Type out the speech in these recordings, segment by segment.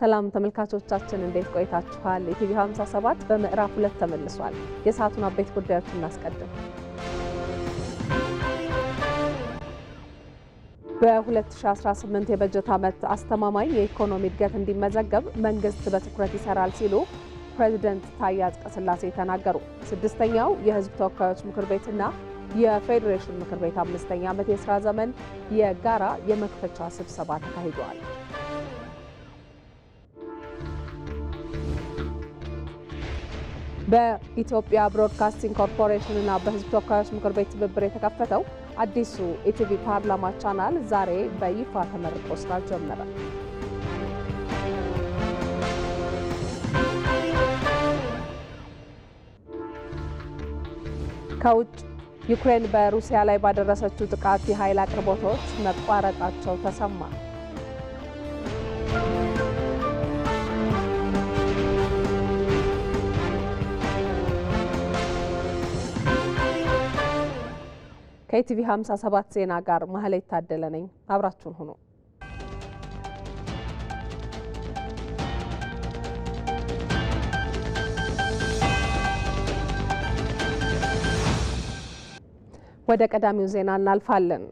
ሰላም ተመልካቾቻችን እንዴት ቆይታችኋል? ኢቲቪ 57 በምዕራፍ ሁለት ተመልሷል። የሰዓቱን አበይት ጉዳዮች እናስቀድም። በ2018 የበጀት ዓመት አስተማማኝ የኢኮኖሚ እድገት እንዲመዘገብ መንግስት በትኩረት ይሰራል ሲሉ ፕሬዚደንት ታዬ አጽቀሥላሴ ተናገሩ። ስድስተኛው የህዝብ ተወካዮች ምክር ቤትና የፌዴሬሽን ምክር ቤት አምስተኛ ዓመት የሥራ ዘመን የጋራ የመክፈቻ ስብሰባ ተካሂደዋል። በኢትዮጵያ ብሮድካስቲንግ ኮርፖሬሽን እና በህዝብ ተወካዮች ምክር ቤት ትብብር የተከፈተው አዲሱ ኢቲቪ ፓርላማ ቻናል ዛሬ በይፋ ተመርቆ ስራ ጀመረ። ከውጭ ዩክሬን በሩሲያ ላይ ባደረሰችው ጥቃት የኃይል አቅርቦቶች መቋረጣቸው ተሰማ። ከኢቲቪ 57 ዜና ጋር ማህሌት ታደለ ነኝ። አብራችሁን ሁኑ። ወደ ቀዳሚው ዜና እናልፋለን።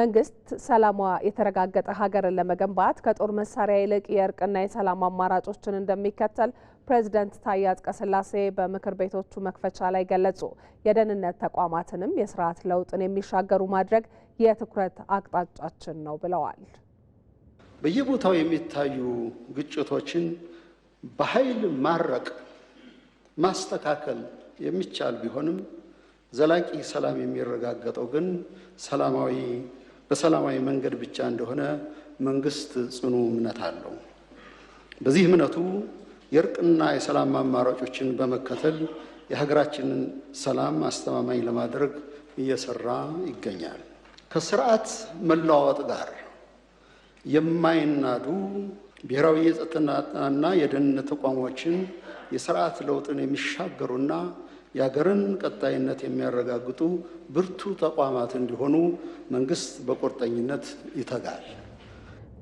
መንግስት ሰላሟ የተረጋገጠ ሀገርን ለመገንባት ከጦር መሳሪያ ይልቅ የእርቅና የሰላም አማራጮችን እንደሚከተል ፕሬዚደንት ታዬ አጽቀሥላሴ በምክር ቤቶቹ መክፈቻ ላይ ገለጹ። የደህንነት ተቋማትንም የስርዓት ለውጥን የሚሻገሩ ማድረግ የትኩረት አቅጣጫችን ነው ብለዋል። በየቦታው የሚታዩ ግጭቶችን በኃይል ማረቅ፣ ማስተካከል የሚቻል ቢሆንም ዘላቂ ሰላም የሚረጋገጠው ግን ሰላማዊ በሰላማዊ መንገድ ብቻ እንደሆነ መንግስት ጽኑ እምነት አለው። በዚህ እምነቱ የእርቅና የሰላም አማራጮችን በመከተል የሀገራችንን ሰላም አስተማማኝ ለማድረግ እየሰራ ይገኛል። ከስርዓት መለዋወጥ ጋር የማይናዱ ብሔራዊ የጸጥታና የደህንነት ተቋሞችን የስርዓት ለውጥን የሚሻገሩና የሀገርን ቀጣይነት የሚያረጋግጡ ብርቱ ተቋማት እንዲሆኑ መንግስት በቁርጠኝነት ይተጋል።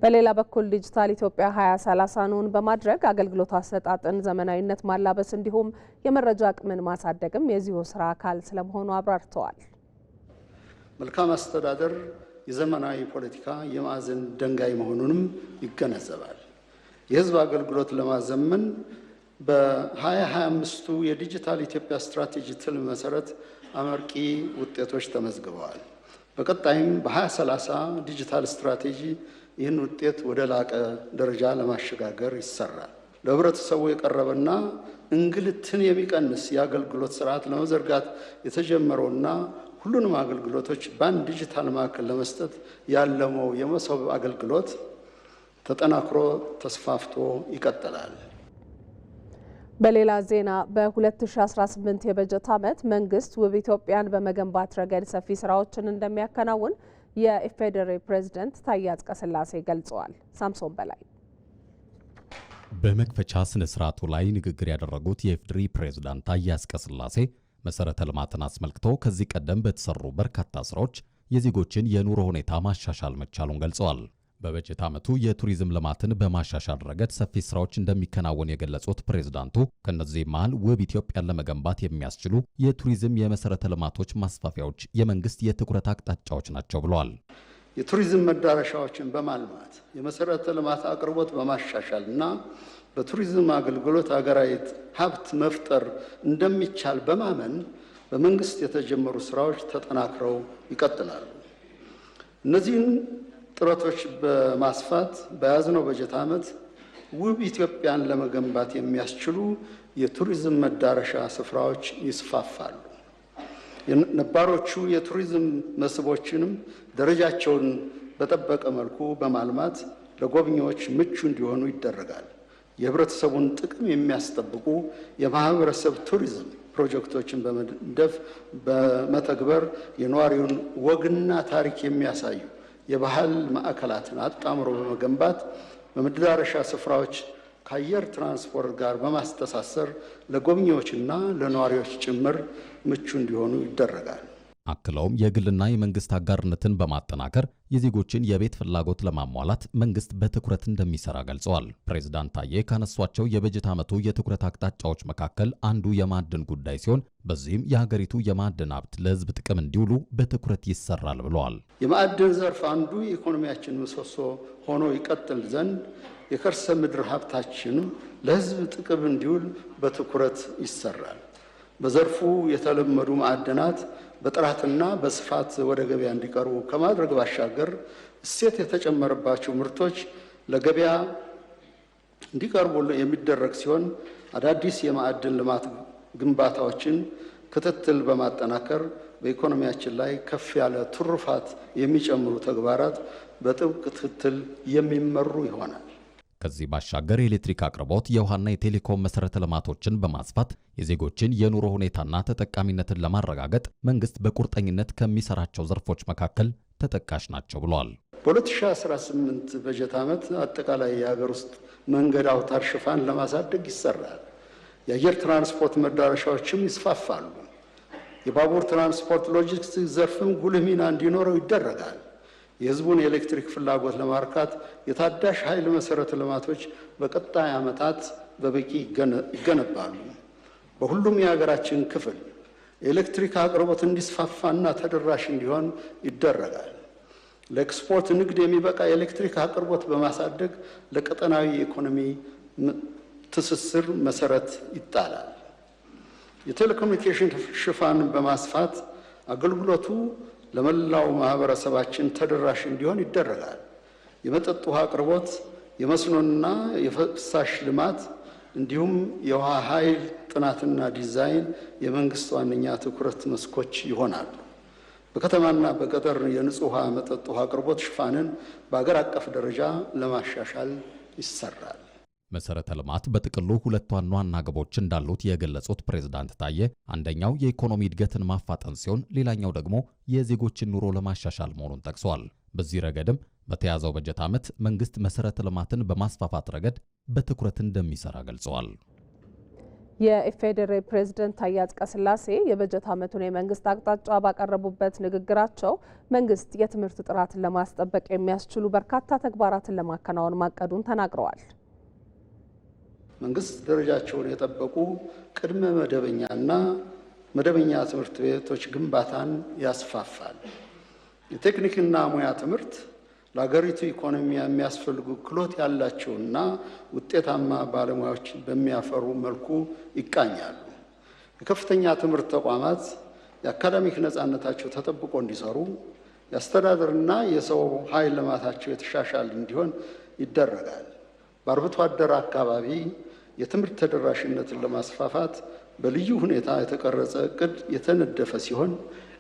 በሌላ በኩል ዲጂታል ኢትዮጵያ 2030 ኑን በማድረግ አገልግሎት አሰጣጥን ዘመናዊነት ማላበስ እንዲሁም የመረጃ አቅምን ማሳደግም የዚሁ ስራ አካል ስለመሆኑ አብራርተዋል። መልካም አስተዳደር የዘመናዊ ፖለቲካ የማዕዘን ድንጋይ መሆኑንም ይገነዘባል። የህዝብ አገልግሎት ለማዘመን በ2025ቱ የዲጂታል ኢትዮጵያ ስትራቴጂ ትልም መሰረት አመርቂ ውጤቶች ተመዝግበዋል። በቀጣይም በ2030 ዲጂታል ስትራቴጂ ይህን ውጤት ወደ ላቀ ደረጃ ለማሸጋገር ይሰራል። ለህብረተሰቡ የቀረበና እንግልትን የሚቀንስ የአገልግሎት ስርዓት ለመዘርጋት የተጀመረውና ሁሉንም አገልግሎቶች በአንድ ዲጂታል ማዕከል ለመስጠት ያለመው የመሶብ አገልግሎት ተጠናክሮ ተስፋፍቶ ይቀጥላል። በሌላ ዜና በ2018 የበጀት ዓመት መንግስት ውብ ኢትዮጵያን በመገንባት ረገድ ሰፊ ስራዎችን እንደሚያከናውን የኢፌዴሪ ፕሬዝደንት ታዬ አጽቀሥላሴ ገልጸዋል። ሳምሶን በላይ በመክፈቻ ስነ ስርዓቱ ላይ ንግግር ያደረጉት የኢፌዴሪ ፕሬዝዳንት ታዬ አጽቀሥላሴ መሰረተ ልማትን አስመልክቶ ከዚህ ቀደም በተሰሩ በርካታ ስራዎች የዜጎችን የኑሮ ሁኔታ ማሻሻል መቻሉን ገልጸዋል። በበጀት ዓመቱ የቱሪዝም ልማትን በማሻሻል ረገድ ሰፊ ስራዎች እንደሚከናወን የገለጹት ፕሬዝዳንቱ ከእነዚህ መሃል ውብ ኢትዮጵያን ለመገንባት የሚያስችሉ የቱሪዝም የመሰረተ ልማቶች ማስፋፊያዎች የመንግስት የትኩረት አቅጣጫዎች ናቸው ብለዋል። የቱሪዝም መዳረሻዎችን በማልማት የመሰረተ ልማት አቅርቦት በማሻሻል እና በቱሪዝም አገልግሎት ሀገራዊ ሀብት መፍጠር እንደሚቻል በማመን በመንግስት የተጀመሩ ስራዎች ተጠናክረው ይቀጥላሉ። እነዚህን ጥረቶች በማስፋት በያዝነው በጀት ዓመት ውብ ኢትዮጵያን ለመገንባት የሚያስችሉ የቱሪዝም መዳረሻ ስፍራዎች ይስፋፋሉ። ነባሮቹ የቱሪዝም መስህቦችንም ደረጃቸውን በጠበቀ መልኩ በማልማት ለጎብኚዎች ምቹ እንዲሆኑ ይደረጋል። የህብረተሰቡን ጥቅም የሚያስጠብቁ የማህበረሰብ ቱሪዝም ፕሮጀክቶችን በመንደፍ በመተግበር የነዋሪውን ወግና ታሪክ የሚያሳዩ የባህል ማዕከላትን አጣምሮ በመገንባት በመዳረሻ ስፍራዎች ከአየር ትራንስፖርት ጋር በማስተሳሰር ለጎብኚዎችና ለነዋሪዎች ጭምር ምቹ እንዲሆኑ ይደረጋል። አክለውም የግልና የመንግስት አጋርነትን በማጠናከር የዜጎችን የቤት ፍላጎት ለማሟላት መንግስት በትኩረት እንደሚሰራ ገልጸዋል። ፕሬዝዳንት ታዬ ካነሷቸው የበጀት ዓመቱ የትኩረት አቅጣጫዎች መካከል አንዱ የማዕድን ጉዳይ ሲሆን በዚህም የሀገሪቱ የማዕድን ሀብት ለህዝብ ጥቅም እንዲውሉ በትኩረት ይሰራል ብለዋል። የማዕድን ዘርፍ አንዱ የኢኮኖሚያችን ምሰሶ ሆኖ ይቀጥል ዘንድ የከርሰ ምድር ሀብታችንም ለህዝብ ጥቅም እንዲውል በትኩረት ይሰራል። በዘርፉ የተለመዱ ማዕድናት በጥራትና በስፋት ወደ ገበያ እንዲቀርቡ ከማድረግ ባሻገር እሴት የተጨመረባቸው ምርቶች ለገበያ እንዲቀርቡ የሚደረግ ሲሆን አዳዲስ የማዕድን ልማት ግንባታዎችን ክትትል በማጠናከር በኢኮኖሚያችን ላይ ከፍ ያለ ትሩፋት የሚጨምሩ ተግባራት በጥብቅ ክትትል የሚመሩ ይሆናል። ከዚህ ባሻገር የኤሌክትሪክ አቅርቦት፣ የውሃና የቴሌኮም መሠረተ ልማቶችን በማስፋት የዜጎችን የኑሮ ሁኔታና ተጠቃሚነትን ለማረጋገጥ መንግስት በቁርጠኝነት ከሚሰራቸው ዘርፎች መካከል ተጠቃሽ ናቸው ብሏል። በ2018 በጀት ዓመት አጠቃላይ የሀገር ውስጥ መንገድ አውታር ሽፋን ለማሳደግ ይሰራል። የአየር ትራንስፖርት መዳረሻዎችም ይስፋፋሉ። የባቡር ትራንስፖርት ሎጂስቲክስ ዘርፍም ጉልህ ሚና እንዲኖረው ይደረጋል። የህዝቡን የኤሌክትሪክ ፍላጎት ለማርካት የታዳሽ ኃይል መሰረተ ልማቶች በቀጣይ ዓመታት በበቂ ይገነባሉ። በሁሉም የሀገራችን ክፍል የኤሌክትሪክ አቅርቦት እንዲስፋፋና ተደራሽ እንዲሆን ይደረጋል። ለኤክስፖርት ንግድ የሚበቃ የኤሌክትሪክ አቅርቦት በማሳደግ ለቀጠናዊ የኢኮኖሚ ትስስር መሰረት ይጣላል። የቴሌኮሙኒኬሽን ሽፋን በማስፋት አገልግሎቱ ለመላው ማህበረሰባችን ተደራሽ እንዲሆን ይደረጋል። የመጠጥ ውሃ አቅርቦት፣ የመስኖና የፍሳሽ ልማት እንዲሁም የውሃ ኃይል ጥናትና ዲዛይን የመንግስት ዋነኛ ትኩረት መስኮች ይሆናሉ። በከተማና በገጠር የንጹህ ውሃ መጠጥ ውሃ አቅርቦት ሽፋንን በአገር አቀፍ ደረጃ ለማሻሻል ይሰራል። መሰረተ ልማት በጥቅሉ ሁለት ዋና ዋና ግቦች እንዳሉት የገለጹት ፕሬዝዳንት ታየ አንደኛው የኢኮኖሚ እድገትን ማፋጠን ሲሆን ሌላኛው ደግሞ የዜጎችን ኑሮ ለማሻሻል መሆኑን ጠቅሰዋል። በዚህ ረገድም በተያዘው በጀት ዓመት መንግስት መሰረተ ልማትን በማስፋፋት ረገድ በትኩረት እንደሚሰራ ገልጸዋል። የኢፌዴሪ ፕሬዝደንት ታዬ አጽቀሥላሴ የበጀት ዓመቱን የመንግስት አቅጣጫ ባቀረቡበት ንግግራቸው መንግስት የትምህርት ጥራትን ለማስጠበቅ የሚያስችሉ በርካታ ተግባራትን ለማከናወን ማቀዱን ተናግረዋል። መንግስት ደረጃቸውን የጠበቁ ቅድመ መደበኛና መደበኛ ትምህርት ቤቶች ግንባታን ያስፋፋል። የቴክኒክና ሙያ ትምህርት ለሀገሪቱ ኢኮኖሚ የሚያስፈልጉ ክህሎት ያላቸውና ውጤታማ ባለሙያዎች በሚያፈሩ መልኩ ይቃኛሉ። የከፍተኛ ትምህርት ተቋማት የአካዳሚክ ነፃነታቸው ተጠብቆ እንዲሰሩ የአስተዳደርና የሰው ኃይል ልማታቸው የተሻሻል እንዲሆን ይደረጋል። በአርብቶ አደር አካባቢ የትምህርት ተደራሽነትን ለማስፋፋት በልዩ ሁኔታ የተቀረጸ እቅድ የተነደፈ ሲሆን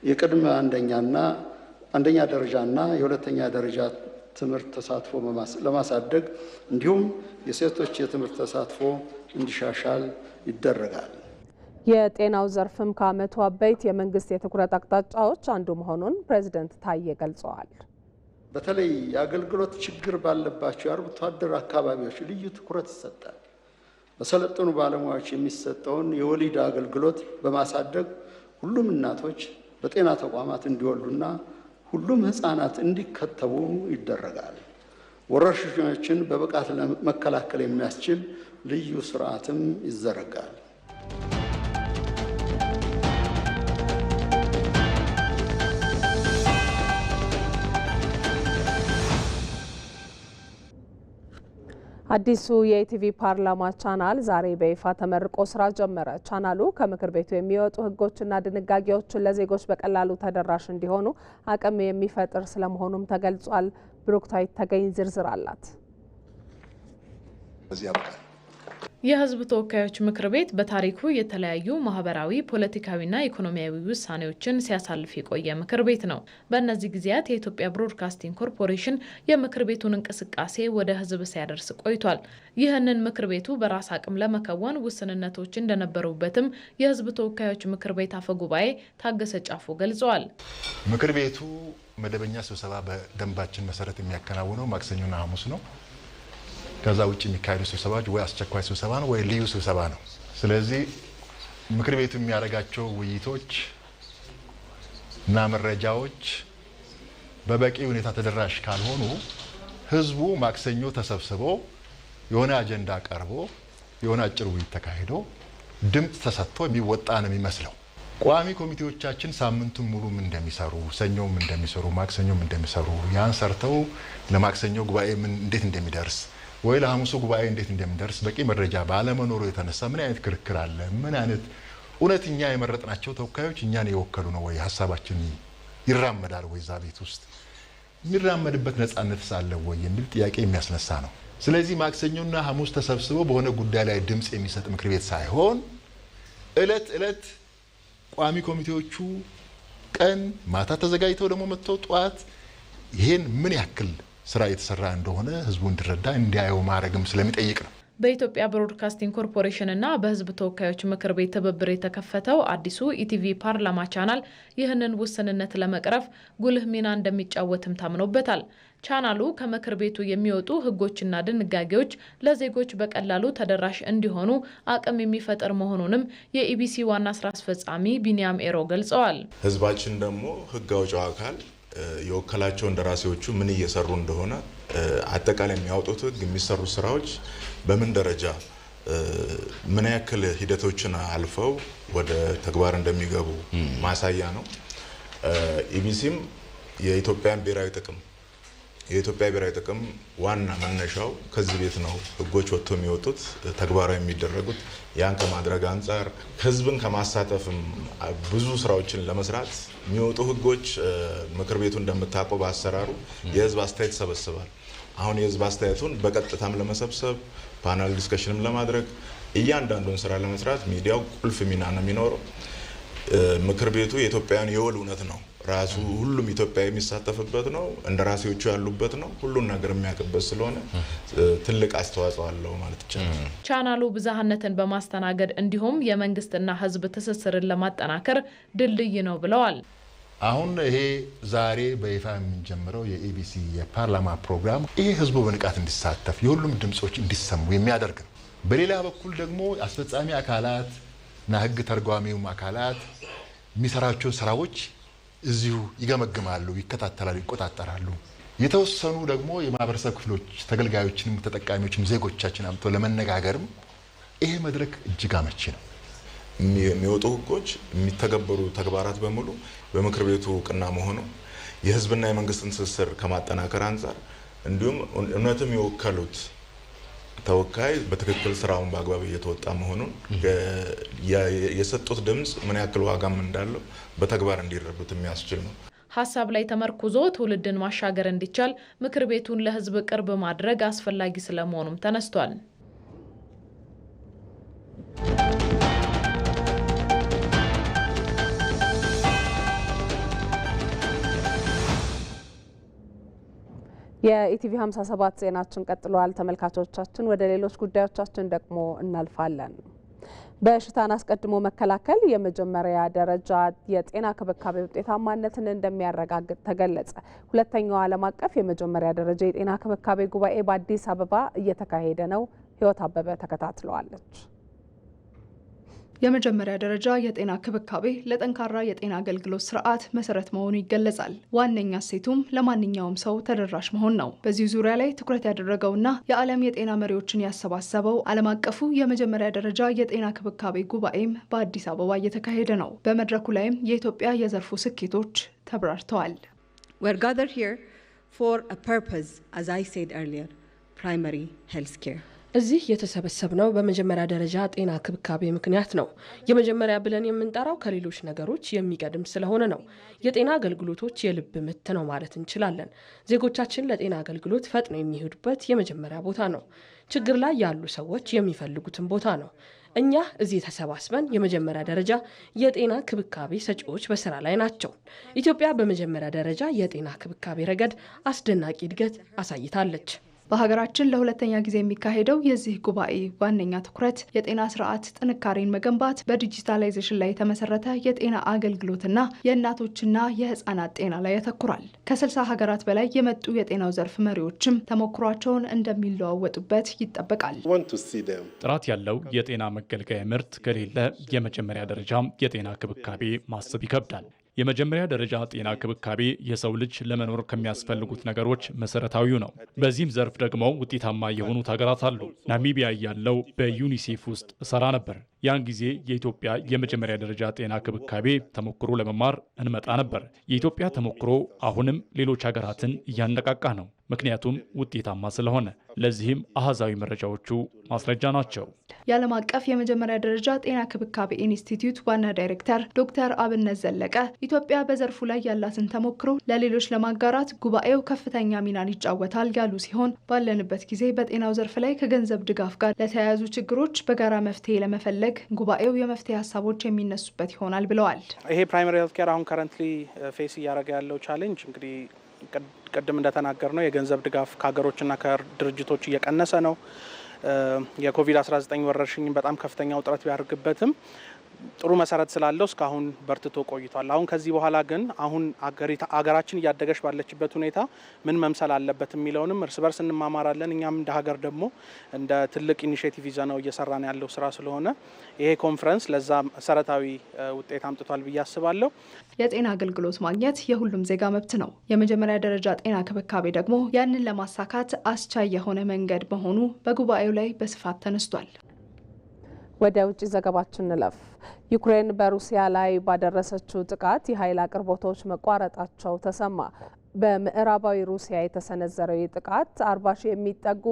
የቅድመ አንደኛና አንደኛ ደረጃና የሁለተኛ ደረጃ ትምህርት ተሳትፎ ለማሳደግ እንዲሁም የሴቶች የትምህርት ተሳትፎ እንዲሻሻል ይደረጋል። የጤናው ዘርፍም ከዓመቱ አበይት የመንግስት የትኩረት አቅጣጫዎች አንዱ መሆኑን ፕሬዚደንት ታዬ ገልጸዋል። በተለይ የአገልግሎት ችግር ባለባቸው የአርብቶ አደር አካባቢዎች ልዩ ትኩረት ይሰጣል። በሰለጠኑ ባለሙያዎች የሚሰጠውን የወሊድ አገልግሎት በማሳደግ ሁሉም እናቶች በጤና ተቋማት እንዲወልዱና ሁሉም ህፃናት እንዲከተቡ ይደረጋል። ወረርሽኞችን በብቃት ለመከላከል የሚያስችል ልዩ ስርዓትም ይዘረጋል። አዲሱ የኢቲቪ ፓርላማ ቻናል ዛሬ በይፋ ተመርቆ ስራ ጀመረ። ቻናሉ ከምክር ቤቱ የሚወጡ ህጎችና ድንጋጌዎችን ለዜጎች በቀላሉ ተደራሽ እንዲሆኑ አቅም የሚፈጥር ስለመሆኑም ተገልጿል። ብሩክታዊት ተገኝ ዝርዝር አላት። የህዝብ ተወካዮች ምክር ቤት በታሪኩ የተለያዩ ማህበራዊ፣ ፖለቲካዊና ኢኮኖሚያዊ ውሳኔዎችን ሲያሳልፍ የቆየ ምክር ቤት ነው። በእነዚህ ጊዜያት የኢትዮጵያ ብሮድካስቲንግ ኮርፖሬሽን የምክር ቤቱን እንቅስቃሴ ወደ ህዝብ ሲያደርስ ቆይቷል። ይህንን ምክር ቤቱ በራስ አቅም ለመከወን ውስንነቶች እንደነበሩበትም የህዝብ ተወካዮች ምክር ቤት አፈ ጉባኤ ታገሰ ጫፎ ገልጸዋል። ምክር ቤቱ መደበኛ ስብሰባ በደንባችን መሰረት የሚያከናውነው ማክሰኞና ሐሙስ ነው። ከዛ ውጭ የሚካሄዱ ስብሰባዎች ወይ አስቸኳይ ስብሰባ ነው ወይ ልዩ ስብሰባ ነው። ስለዚህ ምክር ቤቱ የሚያደርጋቸው ውይይቶች እና መረጃዎች በበቂ ሁኔታ ተደራሽ ካልሆኑ ህዝቡ ማክሰኞ ተሰብስቦ የሆነ አጀንዳ ቀርቦ የሆነ አጭር ውይይት ተካሂዶ ድምፅ ተሰጥቶ የሚወጣ ነው የሚመስለው። ቋሚ ኮሚቴዎቻችን ሳምንቱን ሙሉም እንደሚሰሩ ሰኞም እንደሚሰሩ ማክሰኞም እንደሚሰሩ ያን ሰርተው ለማክሰኞ ጉባኤ ምን እንዴት እንደሚደርስ ወይ ለሐሙሱ ጉባኤ እንዴት እንደምደርስ በቂ መረጃ ባለመኖሩ የተነሳ ምን አይነት ክርክር አለ? ምን አይነት እውነት እኛ የመረጥናቸው ተወካዮች እኛን የወከሉ ነው ወይ? ሀሳባችን ይራመዳል ወይ? እዛ ቤት ውስጥ የሚራመድበት ነጻነት ሳለ ወይ የሚል ጥያቄ የሚያስነሳ ነው። ስለዚህ ማክሰኞና ሐሙስ ተሰብስበው በሆነ ጉዳይ ላይ ድምፅ የሚሰጥ ምክር ቤት ሳይሆን እለት እለት ቋሚ ኮሚቴዎቹ ቀን ማታ ተዘጋጅተው ደግሞ መጥተው ጠዋት ይሄን ምን ያክል ስራ የተሰራ እንደሆነ ህዝቡ እንዲረዳ እንዲያየው ማድረግም ስለሚጠይቅ ነው። በኢትዮጵያ ብሮድካስቲንግ ኮርፖሬሽን እና በህዝብ ተወካዮች ምክር ቤት ትብብር የተከፈተው አዲሱ ኢቲቪ ፓርላማ ቻናል ይህንን ውስንነት ለመቅረፍ ጉልህ ሚና እንደሚጫወትም ታምኖበታል። ቻናሉ ከምክር ቤቱ የሚወጡ ህጎችና ድንጋጌዎች ለዜጎች በቀላሉ ተደራሽ እንዲሆኑ አቅም የሚፈጥር መሆኑንም የኢቢሲ ዋና ስራ አስፈጻሚ ቢኒያም ኤሮ ገልጸዋል። ህዝባችን ደግሞ ህግ አውጪው አካል የወከላቸው እንደራሴዎቹ ምን እየሰሩ እንደሆነ አጠቃላይ የሚያወጡት ህግ፣ የሚሰሩ ስራዎች በምን ደረጃ ምን ያክል ሂደቶችን አልፈው ወደ ተግባር እንደሚገቡ ማሳያ ነው። ኢቢሲም የኢትዮጵያን ብሔራዊ ጥቅም የኢትዮጵያ ብሔራዊ ጥቅም ዋና መነሻው ከዚህ ቤት ነው። ህጎች ወጥቶ የሚወጡት ተግባራዊ የሚደረጉት ያን ከማድረግ አንጻር ህዝብን ከማሳተፍም ብዙ ስራዎችን ለመስራት የሚወጡ ህጎች ምክር ቤቱ እንደምታውቀው በአሰራሩ የህዝብ አስተያየት ይሰበስባል። አሁን የህዝብ አስተያየቱን በቀጥታም ለመሰብሰብ ፓናል ዲስከሽንም ለማድረግ እያንዳንዱን ስራ ለመስራት ሚዲያው ቁልፍ ሚና ነው የሚኖረው። ምክር ቤቱ የኢትዮጵያውያን የወል እውነት ነው። ራሱ ሁሉም ኢትዮጵያ የሚሳተፍበት ነው። እንደራሴዎቹ ያሉበት ነው። ሁሉን ነገር የሚያውቅበት ስለሆነ ትልቅ አስተዋጽኦ አለው ማለት ይቻላል። ቻናሉ ብዝሃነትን በማስተናገድ እንዲሁም የመንግስትና ህዝብ ትስስርን ለማጠናከር ድልድይ ነው ብለዋል። አሁን ይሄ ዛሬ በይፋ የምንጀምረው የኢቢሲ የፓርላማ ፕሮግራም ይሄ ህዝቡ በንቃት እንዲሳተፍ የሁሉም ድምጾች እንዲሰሙ የሚያደርግ ነው። በሌላ በኩል ደግሞ አስፈጻሚ አካላት እና ህግ ተርጓሚውም አካላት የሚሰራቸውን ስራዎች እዚሁ ይገመግማሉ፣ ይከታተላሉ፣ ይቆጣጠራሉ። የተወሰኑ ደግሞ የማህበረሰብ ክፍሎች ተገልጋዮችንም ተጠቃሚዎችም ዜጎቻችን አምቶ ለመነጋገርም ይሄ መድረክ እጅግ አመቺ ነው። የሚወጡ ህጎች፣ የሚተገበሩ ተግባራት በሙሉ በምክር ቤቱ እውቅና መሆኑ የህዝብና የመንግስትን ትስስር ከማጠናከር አንጻር እንዲሁም እውነትም የወከሉት ተወካይ በትክክል ስራውን በአግባብ እየተወጣ መሆኑን የሰጡት ድምፅ ምን ያክል ዋጋም እንዳለው በተግባር እንዲረዱት የሚያስችል ነው። ሀሳብ ላይ ተመርኩዞ ትውልድን ማሻገር እንዲቻል ምክር ቤቱን ለህዝብ ቅርብ ማድረግ አስፈላጊ ስለመሆኑም ተነስቷል። የኢቲቪ 57 ዜናችን ቀጥሏል። ተመልካቾቻችን ወደ ሌሎች ጉዳዮቻችን ደግሞ እናልፋለን። በሽታን አስቀድሞ መከላከል የመጀመሪያ ደረጃ የጤና ክብካቤ ውጤታማነትን እንደሚያረጋግጥ ተገለጸ። ሁለተኛው ዓለም አቀፍ የመጀመሪያ ደረጃ የጤና ክብካቤ ጉባኤ በአዲስ አበባ እየተካሄደ ነው። ህይወት አበበ ተከታትለዋለች። የመጀመሪያ ደረጃ የጤና ክብካቤ ለጠንካራ የጤና አገልግሎት ስርዓት መሰረት መሆኑ ይገለጻል። ዋነኛ እሴቱም ለማንኛውም ሰው ተደራሽ መሆን ነው። በዚህ ዙሪያ ላይ ትኩረት ያደረገውና የዓለም የጤና መሪዎችን ያሰባሰበው ዓለም አቀፉ የመጀመሪያ ደረጃ የጤና ክብካቤ ጉባኤም በአዲስ አበባ እየተካሄደ ነው። በመድረኩ ላይም የኢትዮጵያ የዘርፉ ስኬቶች ተብራርተዋል። We're gathered here for a purpose, as I said እዚህ የተሰበሰብነው በመጀመሪያ ደረጃ ጤና ክብካቤ ምክንያት ነው። የመጀመሪያ ብለን የምንጠራው ከሌሎች ነገሮች የሚቀድም ስለሆነ ነው። የጤና አገልግሎቶች የልብ ምት ነው ማለት እንችላለን። ዜጎቻችን ለጤና አገልግሎት ፈጥነው የሚሄዱበት የመጀመሪያ ቦታ ነው። ችግር ላይ ያሉ ሰዎች የሚፈልጉትን ቦታ ነው። እኛ እዚህ ተሰባስበን የመጀመሪያ ደረጃ የጤና ክብካቤ ሰጪዎች በስራ ላይ ናቸው። ኢትዮጵያ በመጀመሪያ ደረጃ የጤና ክብካቤ ረገድ አስደናቂ እድገት አሳይታለች። በሀገራችን ለሁለተኛ ጊዜ የሚካሄደው የዚህ ጉባኤ ዋነኛ ትኩረት የጤና ስርዓት ጥንካሬን መገንባት፣ በዲጂታላይዜሽን ላይ የተመሰረተ የጤና አገልግሎትና የእናቶችና የህፃናት ጤና ላይ ያተኩራል። ከስልሳ ሀገራት በላይ የመጡ የጤናው ዘርፍ መሪዎችም ተሞክሯቸውን እንደሚለዋወጡበት ይጠበቃል። ጥራት ያለው የጤና መገልገያ ምርት ከሌለ የመጀመሪያ ደረጃ የጤና ክብካቤ ማሰብ ይከብዳል። የመጀመሪያ ደረጃ ጤና ክብካቤ የሰው ልጅ ለመኖር ከሚያስፈልጉት ነገሮች መሰረታዊው ነው። በዚህም ዘርፍ ደግሞ ውጤታማ የሆኑት ሀገራት አሉ። ናሚቢያ ያለው በዩኒሴፍ ውስጥ እሰራ ነበር። ያን ጊዜ የኢትዮጵያ የመጀመሪያ ደረጃ ጤና ክብካቤ ተሞክሮ ለመማር እንመጣ ነበር። የኢትዮጵያ ተሞክሮ አሁንም ሌሎች ሀገራትን እያነቃቃ ነው፣ ምክንያቱም ውጤታማ ስለሆነ። ለዚህም አሃዛዊ መረጃዎቹ ማስረጃ ናቸው። የዓለም አቀፍ የመጀመሪያ ደረጃ ጤና ክብካቤ ኢንስቲትዩት ዋና ዳይሬክተር ዶክተር አብነት ዘለቀ ኢትዮጵያ በዘርፉ ላይ ያላትን ተሞክሮ ለሌሎች ለማጋራት ጉባኤው ከፍተኛ ሚናን ይጫወታል ያሉ ሲሆን ባለንበት ጊዜ በጤናው ዘርፍ ላይ ከገንዘብ ድጋፍ ጋር ለተያያዙ ችግሮች በጋራ መፍትሄ ለመፈለግ ጉባኤው የመፍትሄ ሀሳቦች የሚነሱበት ይሆናል ብለዋል። ይሄ ፕራይመሪ ሄልት ኬር አሁን ከረንትሊ ፌስ uh, እያደረገ ያለው ቻሌንጅ እንግዲህ ቅድም እንደተናገር ነው የገንዘብ ድጋፍ ከሀገሮችና ከድርጅቶች እየቀነሰ ነው። የኮቪድ-19 ወረርሽኝ በጣም ከፍተኛ ውጥረት ቢያደርግበትም ጥሩ መሰረት ስላለው እስካሁን በርትቶ ቆይቷል። አሁን ከዚህ በኋላ ግን አሁን አገራችን እያደገች ባለችበት ሁኔታ ምን መምሰል አለበት የሚለውንም እርስ በርስ እንማማራለን። እኛም እንደ ሀገር ደግሞ እንደ ትልቅ ኢኒሽቲቭ ይዘ ነው እየሰራን ያለው ስራ ስለሆነ ይሄ ኮንፈረንስ ለዛ መሰረታዊ ውጤት አምጥቷል ብዬ አስባለሁ። የጤና አገልግሎት ማግኘት የሁሉም ዜጋ መብት ነው። የመጀመሪያ ደረጃ ጤና ክብካቤ ደግሞ ያንን ለማሳካት አስቻይ የሆነ መንገድ መሆኑ በጉባኤው ላይ በስፋት ተነስቷል። ወደ ውጭ ዘገባችን እንለፍ። ዩክሬን በሩሲያ ላይ ባደረሰችው ጥቃት የኃይል አቅርቦቶች መቋረጣቸው ተሰማ። በምዕራባዊ ሩሲያ የተሰነዘረው የጥቃት አርባ ሺህ የሚጠጉ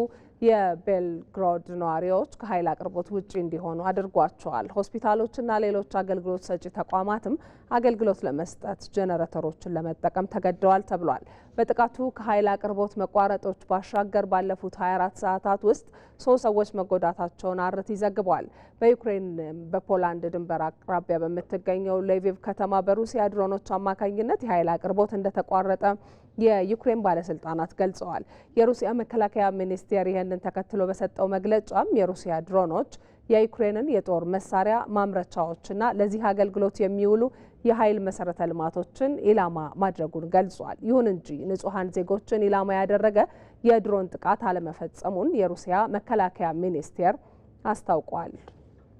የቤልግሮድ ነዋሪዎች ከኃይል አቅርቦት ውጪ እንዲሆኑ አድርጓቸዋል። ሆስፒታሎችና ሌሎች አገልግሎት ሰጪ ተቋማትም አገልግሎት ለመስጠት ጀነሬተሮችን ለመጠቀም ተገደዋል ተብሏል። በጥቃቱ ከኃይል አቅርቦት መቋረጦች ባሻገር ባለፉት 24 ሰዓታት ውስጥ ሶስት ሰዎች መጎዳታቸውን አርት ዘግቧል። በዩክሬን በፖላንድ ድንበር አቅራቢያ በምትገኘው ሌቪቭ ከተማ በሩሲያ ድሮኖች አማካኝነት የኃይል አቅርቦት እንደተቋረጠ የዩክሬን ባለስልጣናት ገልጸዋል። የሩሲያ መከላከያ ሚኒስቴር ይህንን ተከትሎ በሰጠው መግለጫም የሩሲያ ድሮኖች የዩክሬንን የጦር መሳሪያ ማምረቻዎችና ለዚህ አገልግሎት የሚውሉ የኃይል መሰረተ ልማቶችን ኢላማ ማድረጉን ገልጿል። ይሁን እንጂ ንጹሐን ዜጎችን ኢላማ ያደረገ የድሮን ጥቃት አለመፈጸሙን የሩሲያ መከላከያ ሚኒስቴር አስታውቋል።